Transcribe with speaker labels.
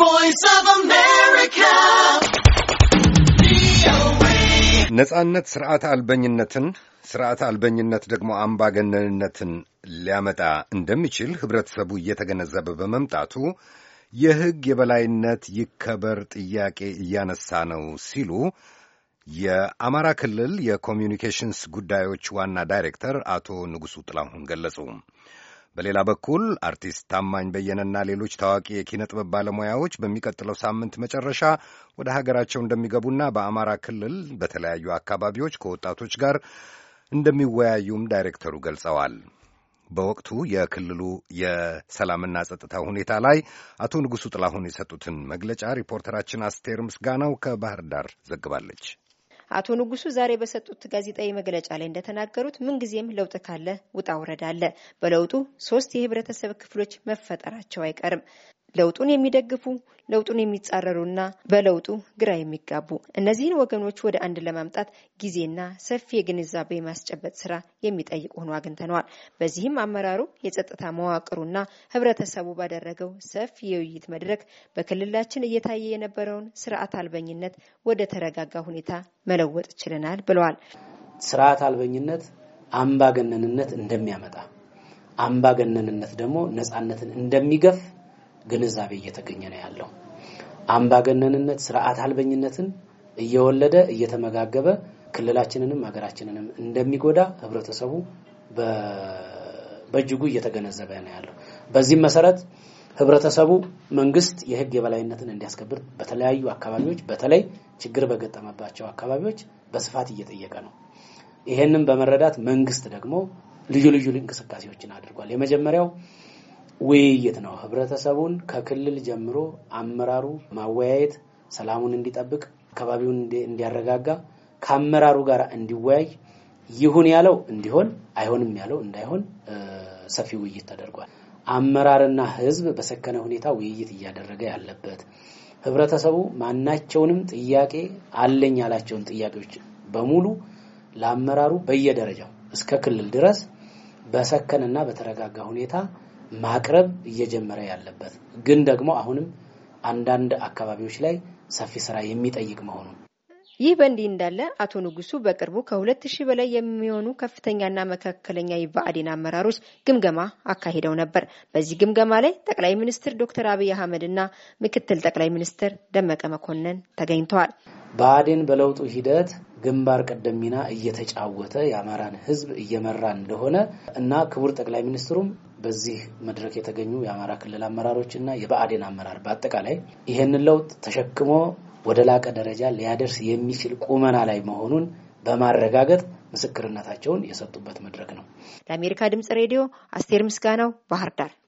Speaker 1: voice of America.
Speaker 2: ነጻነት ስርዓት አልበኝነትን ስርዓት አልበኝነት ደግሞ አምባገነንነትን ሊያመጣ እንደሚችል ህብረተሰቡ እየተገነዘበ በመምጣቱ የህግ የበላይነት ይከበር ጥያቄ እያነሳ ነው ሲሉ የአማራ ክልል የኮሚኒኬሽንስ ጉዳዮች ዋና ዳይሬክተር አቶ ንጉሱ ጥላሁን ገለጹ። በሌላ በኩል አርቲስት ታማኝ በየነና ሌሎች ታዋቂ የኪነ ጥበብ ባለሙያዎች በሚቀጥለው ሳምንት መጨረሻ ወደ ሀገራቸው እንደሚገቡና በአማራ ክልል በተለያዩ አካባቢዎች ከወጣቶች ጋር እንደሚወያዩም ዳይሬክተሩ ገልጸዋል። በወቅቱ የክልሉ የሰላምና ጸጥታ ሁኔታ ላይ አቶ ንጉሡ ጥላሁን የሰጡትን መግለጫ ሪፖርተራችን አስቴር ምስጋናው ከባህር ዳር ዘግባለች።
Speaker 3: አቶ ንጉሱ ዛሬ በሰጡት ጋዜጣዊ መግለጫ ላይ እንደተናገሩት ምንጊዜም ለውጥ ካለ ውጣ ውረድ አለ። በለውጡ ሶስት የህብረተሰብ ክፍሎች መፈጠራቸው አይቀርም። ለውጡን የሚደግፉ ለውጡን የሚጻረሩና በለውጡ ግራ የሚጋቡ እነዚህን ወገኖች ወደ አንድ ለማምጣት ጊዜና ሰፊ የግንዛቤ ማስጨበጥ ስራ የሚጠይቅ ሆኖ አግኝተነዋል። በዚህም አመራሩ የጸጥታ መዋቅሩና ህብረተሰቡ ባደረገው ሰፊ የውይይት መድረክ በክልላችን እየታየ የነበረውን ስርዓት አልበኝነት ወደ ተረጋጋ ሁኔታ መለወጥ
Speaker 1: ችለናል ብለዋል። ስርዓት አልበኝነት አምባገነንነት እንደሚያመጣ አምባገነንነት ደግሞ ነጻነትን እንደሚገፍ ግንዛቤ እየተገኘ ነው ያለው። አምባገነንነት፣ ስርዓት አልበኝነትን እየወለደ እየተመጋገበ ክልላችንንም ሀገራችንንም እንደሚጎዳ ህብረተሰቡ በእጅጉ እየተገነዘበ ነው ያለው። በዚህም መሰረት ህብረተሰቡ መንግስት የህግ የበላይነትን እንዲያስከብር በተለያዩ አካባቢዎች በተለይ ችግር በገጠመባቸው አካባቢዎች በስፋት እየጠየቀ ነው። ይሄንን በመረዳት መንግስት ደግሞ ልዩ ልዩ እንቅስቃሴዎችን አድርጓል። የመጀመሪያው ውይይት ነው። ህብረተሰቡን ከክልል ጀምሮ አመራሩ ማወያየት ሰላሙን እንዲጠብቅ አካባቢውን እንዲያረጋጋ ከአመራሩ ጋር እንዲወያይ ይሁን ያለው እንዲሆን አይሆንም ያለው እንዳይሆን ሰፊ ውይይት ተደርጓል። አመራርና ህዝብ በሰከነ ሁኔታ ውይይት እያደረገ ያለበት ህብረተሰቡ ማናቸውንም ጥያቄ አለኝ ያላቸውን ጥያቄዎች በሙሉ ለአመራሩ በየደረጃው እስከ ክልል ድረስ በሰከነና በተረጋጋ ሁኔታ ማቅረብ እየጀመረ ያለበት ግን ደግሞ አሁንም አንዳንድ አካባቢዎች ላይ ሰፊ ስራ የሚጠይቅ መሆኑን
Speaker 3: ይህ በእንዲህ እንዳለ አቶ ንጉሱ በቅርቡ ከሁለት ሺህ በላይ የሚሆኑ ከፍተኛና መካከለኛ የብአዴን አመራሮች ግምገማ አካሂደው ነበር። በዚህ ግምገማ ላይ ጠቅላይ ሚኒስትር ዶክተር አብይ አህመድ እና ምክትል ጠቅላይ ሚኒስትር ደመቀ መኮንን ተገኝተዋል።
Speaker 1: ብአዴን በለውጡ ሂደት ግንባር ቀደም ሚና እየተጫወተ የአማራን ህዝብ እየመራ እንደሆነ እና ክቡር ጠቅላይ ሚኒስትሩም በዚህ መድረክ የተገኙ የአማራ ክልል አመራሮች እና የብአዴን አመራር በአጠቃላይ ይህንን ለውጥ ተሸክሞ ወደ ላቀ ደረጃ ሊያደርስ የሚችል ቁመና ላይ መሆኑን በማረጋገጥ ምስክርነታቸውን የሰጡበት መድረክ ነው።
Speaker 3: ለአሜሪካ ድምጽ ሬዲዮ አስቴር ምስጋናው ባህር ዳር